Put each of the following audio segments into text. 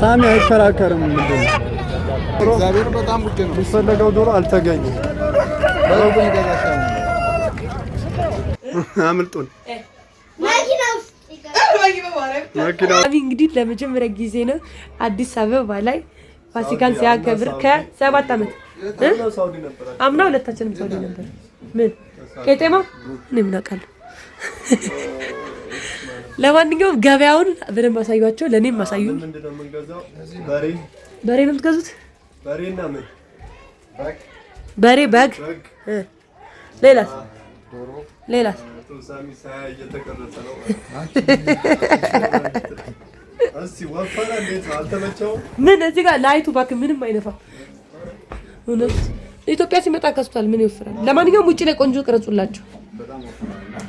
ሳሚ አይከራከርም። እግዚአብሔር በጣም ውድ ነው። የሚፈለገው ዶሮ አልተገኘም። አምልጡን እንግዲህ ለመጀመሪያ ጊዜ ነው አዲስ አበባ ላይ ፋሲካን ሲያከብር ከሰባት ዓመት አምና ሁለታችንም ሰው ነበር። ምን ቄጤማ ምን አውቃለሁ። ለማንኛውም ገበያውን በደንብ አሳዩቸው። ለእኔም አሳዩ። በሬ ነው የምትገዙት? በሬ፣ በግ፣ ሌላስ? ሌላስ? ምን እዚህ ጋር ላይቱ እባክህ ምንም አይነፋም። እውነት ኢትዮጵያ ሲመጣ ከስቷል። ምን ይወፍራል? ለማንኛውም ውጭ ላይ ቆንጆ ቅረጹላቸው።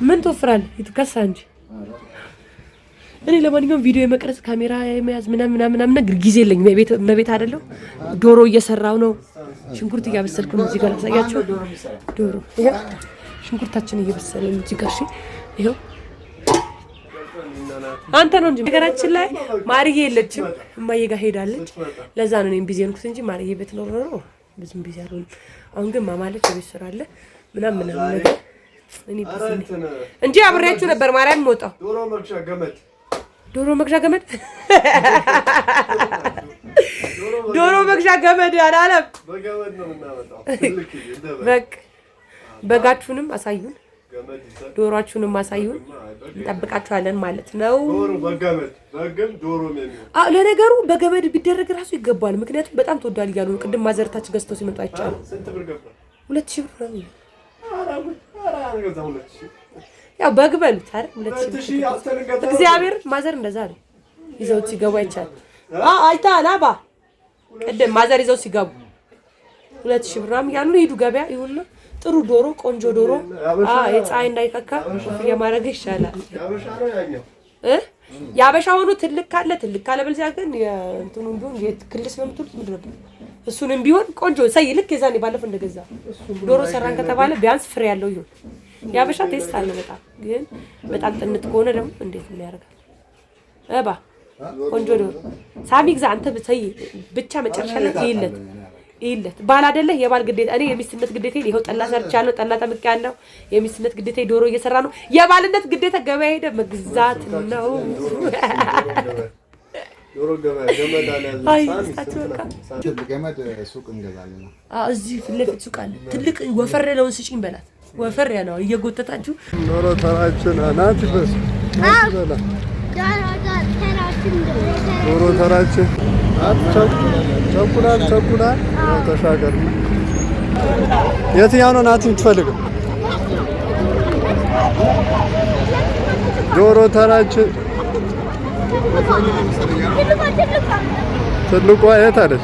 ምን ትወፍራለህ? ከሳ እንጂ እኔ ለማንኛውም ቪዲዮ የመቅረጽ ካሜራ የመያዝ ምናምን ምናምን ነገር ጊዜ የለኝ። መቤት አይደለሁ። ዶሮ እየሰራው ነው። ሽንኩርት እያበሰልኩ ነው። እዚህ ጋር ላሳያቸው። ዶሮ ሽንኩርታችን እየበሰለ ነው። እዚህ ጋር ይኸው አንተ ነው እንጂ ነገራችን ላይ ማርዬ የለችም። እማዬ ጋር ሄዳለች። ለዛ ነው እኔም ቢዚ ሆንኩት እንጂ ማርዬ ቤት ኖሮ ኖሮ ብዙም ቢዚ አልሆንም። አሁን ግን ማማለች የቤት ስራ አለ ምናምን ምናምን ነገር እኔ ቢዚ እንጂ አብሬያችሁ ነበር። ማርያም ወጣው ዶሮ መርሻ ገመድ ዶሮ መግዣ ገመድ ዶሮ መግዣ ገመድ አላለም። በቃ በጋችሁንም አሳዩን፣ ዶሯችሁንም አሳዩን። እንጠብቃችኋለን ማለት ነው። ለነገሩ በገመድ ቢደረግ ራሱ ይገባል። ምክንያቱም በጣም ተወዷል እያሉ ቅድም ማዘርታችን ገዝተው ሲመጡ አይቻሉ ሁለት ሺህ ብር ነው ያው በግ በሉት አይደል? እግዚአብሔር ማዘር እንደዛ ነው ይዘውት ሲገቡ አይቻል አይታ አላባ አባ ቅድም ማዘር ይዘው ሲገቡ ሁለት ሺህ ብራም ያሉ ሂዱ ገበያ ይሁንና ጥሩ ዶሮ፣ ቆንጆ ዶሮ አ የፀሐይ እንዳይከካ የማድረግ ይሻላል። እ ያበሻ ሆኖ ትልቅ ካለ ትልቅ ካለ በልዚያ ግን እንትኑ ቢሆን ክልስ ነው የምትሉት ምንድን ነበር? እሱንም ቢሆን ቆንጆ ሰይ ልክ የዛኔ ባለፈው እንደገዛ ዶሮ ሰራን ከተባለ ቢያንስ ፍሬ ያለው ይሁን የአበሻ ቴስት አለ በጣም ግን በጣም ጥንት ከሆነ ደግሞ እንዴት ያደርጋል እባ ቆንጆ ዶሮ ሳሚ ግዛ አንተ ብታይ ብቻ መጨረሻ ላይ ይለት ይለት ባል አይደለ የባል ግዴታ እኔ የሚስትነት ግዴታ ይኸው ጠላ ሰርቻለሁ ጠላ ጠምቅ ያለው የሚስትነት ግዴታ ዶሮ እየሰራ ነው የባልነት ግዴታ ገበያ ሄደ መግዛት ነው እዚህ ፊት ለፊት ሱቅ አለ ትልቅ ወፈር ያለውን ስጪኝ በላት ወፈር ያለው እየጎተታችሁ ኖሮ ተራችን ናት ይበስ ኖሮ ተራችን ቸኩላል ቸኩላል ተሻገር። የትኛው ነው ናት የምትፈልገው? ዶሮ ተራችን ትልቋ የት አለች?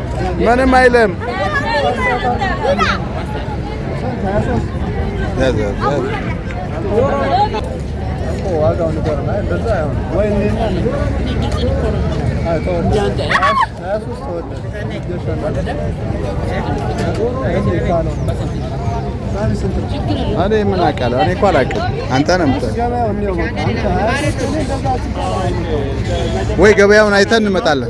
ምንም አይልም። እኔ ምን አውቃለሁ? እኔ እኮ አላውቅም። አንተ ነው የምታውቀው ወይ? ገበያውን አይተን እንመጣለን።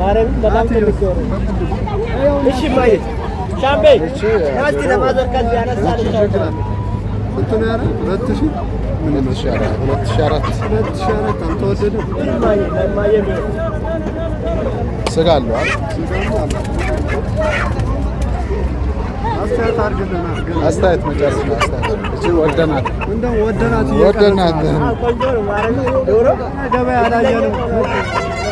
ማርያምን በጣም ትልቅ ነው። እሺ ማየት ሻምቤ ናስቲ ለማዘር ከዚህ ያነሳል እንትን ያረ ሁለት ሺህ ሁለት ሺህ ሁለት ሺህ አራት ሁለት ሺህ አራት አልተወደደም። ስጋ አለው አስተያየት መጨረስ አስተያየት ወደናት ወደናት ወደናት ገበያ ላይ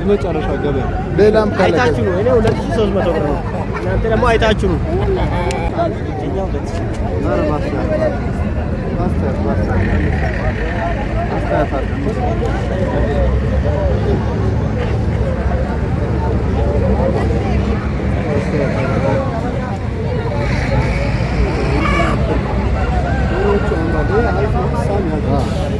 የመጨረሻ ገበያ ሌላም አይታችሁ አይታችሁ ነው።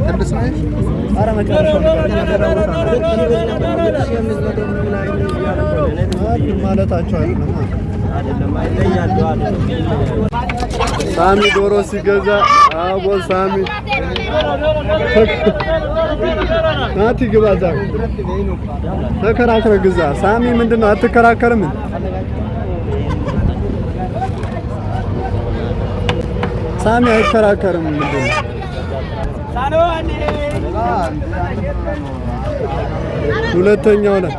ሳሚ ዶሮ ሲገዛ አቦ ሳሚ ናቲ ግባ እዛ ተከራክረህ ግዛ። ሳሚ ምንድን ነው አትከራከርም? ሳሚ አይከራከርም ምንድን ነው ሁለተኛው ነው።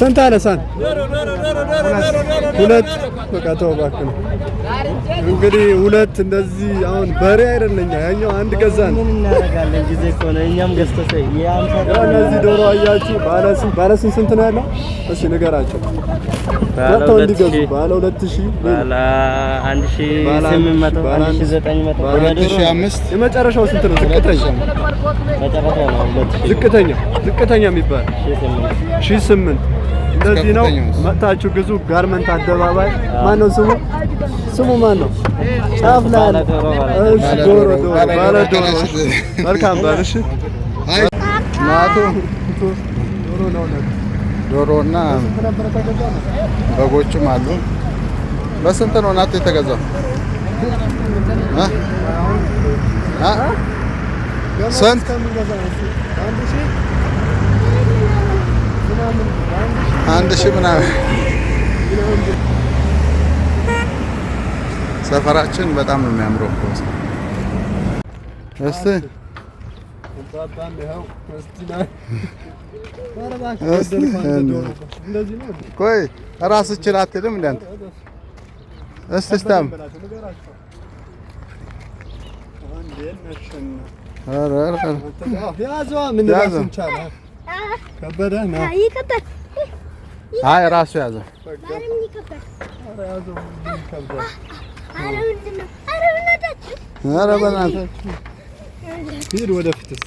ስንት ሁለት በቃ ተው እባክህ ነው እንግዲህ ሁለት እንደዚህ አሁን በሬ አይደለኛ ያኛው አንድ ገዛ እነዚህ ዶሮ አያችሁ ባለስንት ስንት ነው ያለው? እስኪ ንገራቸው ገብተው እንዲገዙ ባለ ሁለት ሺህ ባለ አንድ ሺህ ስምንት መቶ አንድ ሺህ ዘጠኝ መቶ ሁለት ሺህ የመጨረሻው ስንት ነው? ዝቅተኛ ዝቅተኛ ዝቅተኛ የሚባል ሺህ እንደዚህ ነው። መጥታችሁ ግዙ። ጋርመንት አደባባይ ማን ነው ስሙ? ስሙ ማን ነው? ጫፍ ላይ እሺ፣ ዶሮ ዶሮ ባለ ዶሮ መልካም ባል። ናቶ ዶሮ ነው ነው ዶሮና በጎችም አሉ። በስንት ነው ናት የተገዛው? ስንት አንድ ሺህ ምናምን። ሰፈራችን በጣም ነው የሚያምረው። እስቲ कोई रास चिराते ना मिलन बस तस्तम هر هر هر يا زوام من لازم كان كبر هنا هاي كبر هاي راسه يا زوام يا زوام كبر هربنا هربنا كثير ولا فتس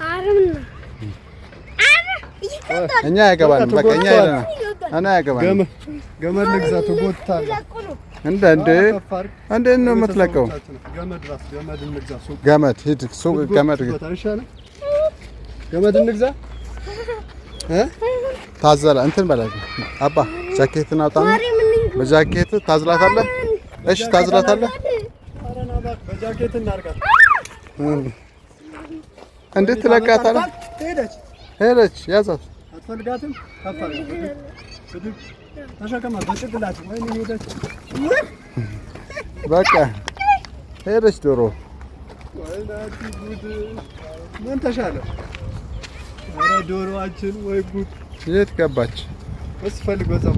هربنا እኛ ያገባን በቃ እኛ ያለና እና ያገባን ገመድ ልግዛ ትጎትታለህ። እንደ እንደ እንደ ነው የምትለቀው ገመድ ሂድ ሱቅ ገመድ ገመድ እንግዛ እ ታዘላ እንትን በላት አባ ጃኬትን አውጣ። በጃኬት ታዝላታለህ። እሺ ታዝላታለህ። እንዴት ትለቃታለህ? ሄደች። ያዛት። አትፈልጋትም። ተሸከማት በጭቅላት ወይ ሄደች። በቃ ሄደች። ዶሮ ምን ተሻለ? ኧረ ዶሮዋችን ወይ ጉድ! የት ገባች? እስ ፈልግ በጸቡ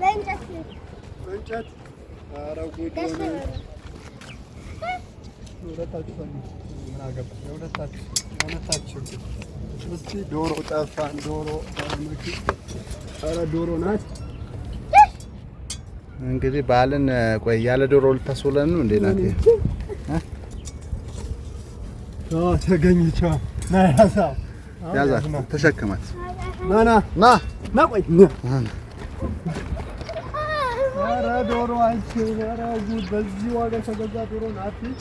በእንጨት በእንጨት ጉድ! ምን አገባ? የሁለታችሁ የሁለታችሁ እስኪ ዶሮ ጠፋን። ዶሮ ኧረ ዶሮ ናት እንግዲህ በዓልን ቆይ ያለ ዶሮ ልታስውለን ነው እንዴ? ናት ተሸክማት ና ና ቆይ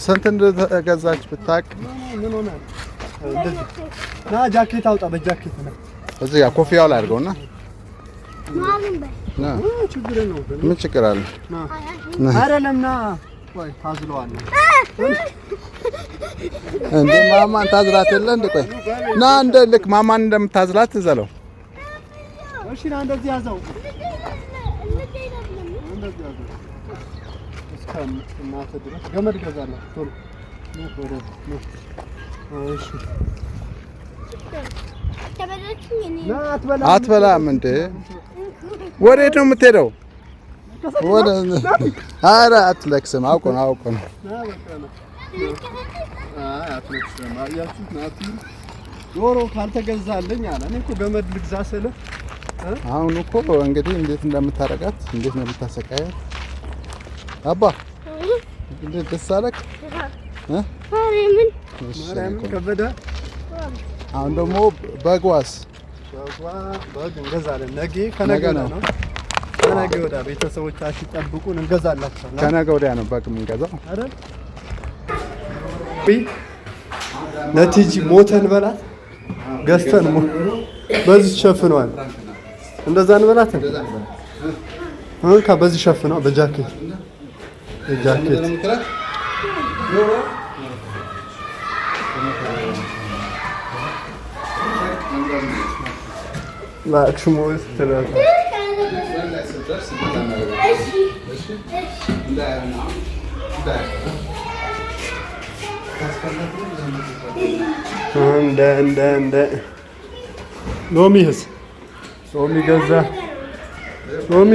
ስንት እንደተገዛች ምን ና ጃኬት አውጣ። በጃኬት ነው እዚህ ጋር ኮፍያው ላይ አድርገውና ምን ችግር አለ? አይደለም ና ቆይ ታዝለዋለህ እንደ ማማን ታዝላት የለ እንደ ቆይ ና እንደ ልክ ማማን እንደምታዝላት ዘለው እሺ ና እንደዚህ ያዘው ገመድ ገዛለሁ አትበላም እንዴ? ወዴት ነው የምትሄደው? ኧረ አትለቅስም። ነው ነው ዶሮ ካልተገዛልኝ አለ። እኔ እኮ ገመድ ልግዛ ስለ አሁን እኮ እንግዲህ እንዴት እንደምታረጋት እንዴት ነው አባ ደስ አሁን ደግሞ በጓስ በግ እንገዛለን። ነገ ከነገ ነው ከነገ ወዲያ ቤተሰቦቻችን ጠብቁን፣ ከነገ ወዲያ ነው በግ የምንገዛው አይደል? ነቲጂ ሞተን በላት ገዝተን በዚህ እንደዛ እንበላት በዚህ በጃኬት በጃኬት Yola. Na, k čemu je teda? እንደ እንደ እንደ ሎሚ ህዝ ሎሚ ገዛ ሎሚ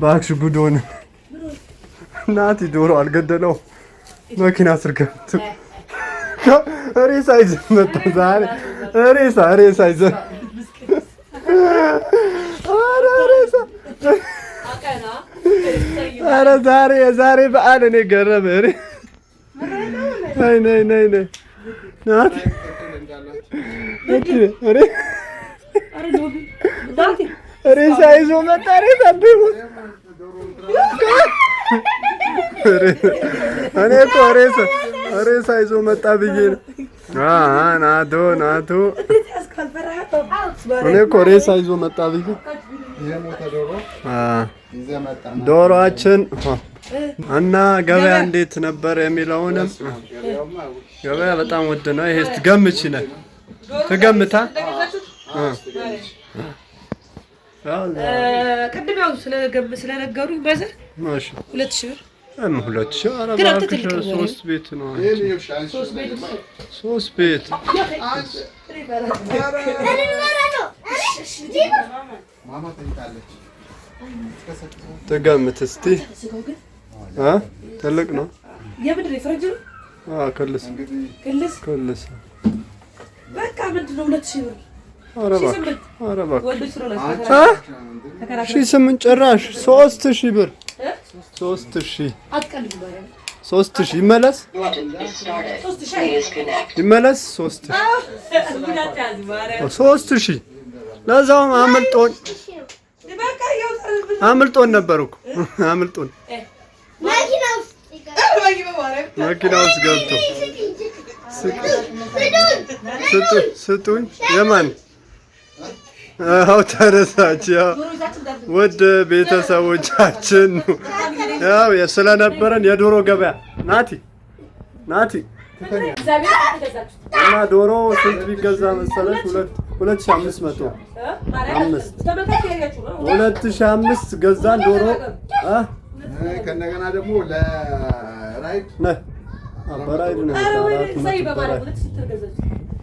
በአክሽ ጉዶን ናቲ ዶሮ አልገደለው መኪና ስር ገብቶ ሬሳ ይዘ መጣ። ዛሬ ሬሳ ሬሳ ይዘ ኧረ ዛሬ የዛሬ በዓል እኔ ገረመ። ነይ ነይ ነይ ነይ ናቲ ሬሳ ይዞ መጣ። ሬሳ እኔ እኮ ሬሳ ሬሳ ይዞ መጣ ብዬ ነው። እኔ እኮ ሬሳ ይዞ መጣ ብዬ ዶሮአችን እና ገበያ እንዴት ነበር የሚለውንም ገበያ በጣም ውድ ነው። ይሄ ትገምች ነህ ትገምታ ቅድም ያው ስለነገሩኝ በዘር ሁለት ሺህ ብር ሁለት ሺህ ሶስት ቤት ነው ሶስት ቤት ትገምት ትልቅ ነው ክልስ ክልስ በቃ ምንድን ነው ሁለት ሺህ ብር ሺህ ስምንት ጭራሽ ሶስት ሺህ ብር ሶስት ሺህ ሶስት ሺህ ይመለስ ይመለስ ሶስት ሺህ ሶስት ሺህ ለዛውም አምልጦን አምልጦን ነበር እኮ አምልጦን መኪና ውስጥ ገብቶ ስጡኝ የማን አው ተረሳች። ውድ ቤተሰቦቻችን ያው ስለነበረን የዶሮ ገበያ ናቲ ናቲ እና ዶሮ ስንት ቢገዛ መሰለሽ? ሁለት ሺህ አምስት መቶ አምስት ሁለት ሺህ አምስት ገዛን ዶሮ ከእንደገና ደግሞ ለራይድ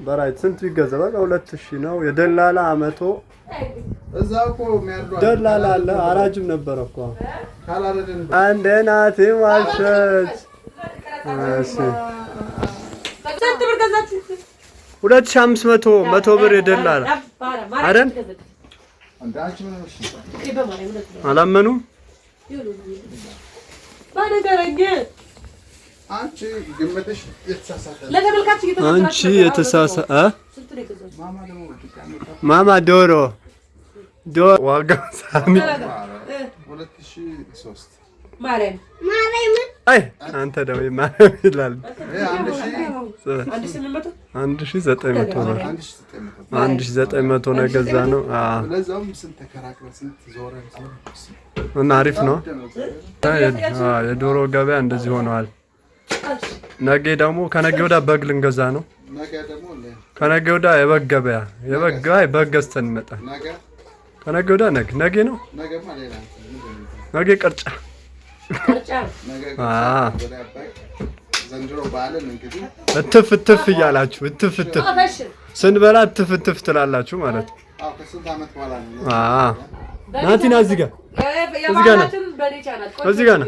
በራይት ስንት ቢገዛ በቃ ሁለት ሺህ ነው። የደላላ አመቶ ደላላ አለ። አራጅም ነበረ እኮ አንድ ናት ማሸት። እሺ ሁለት ሺህ አምስት መቶ መቶ ብር የደላላ አይደል? አላመኑም። አንቺ የተሳሳ ማማ ዶሮ ዶሮ ዋጋው ሳሚ አይ አንተ ደግሞ ይላል። አንድ ዘጠኝ መቶ ነው። አንድ ዘጠኝ መቶ ነው የገዛ ነው እና አሪፍ ነው። የዶሮ ገበያ እንደዚህ ሆነዋል። ነገ ደግሞ ከነገ ወዳ በግ ልንገዛ ነው። ከነገ ወዲያ የበግ ገበያ የበግ ገበያ በግ ገዝተን እንመጣል። ከነገ ወዲያ ነገ ነገ ነው ነገ ቅርጫ እትፍ እትፍ እያላችሁ እትፍ እትፍ ስንበላ እትፍ እትፍ ትላላችሁ ማለት ናቲና እዚህ ጋር እዚህ ጋር ነው እዚህ ጋር ነው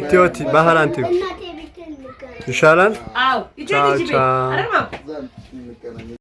እትዮቲ ባህል አንተ ይሻላል። ቻው ቻው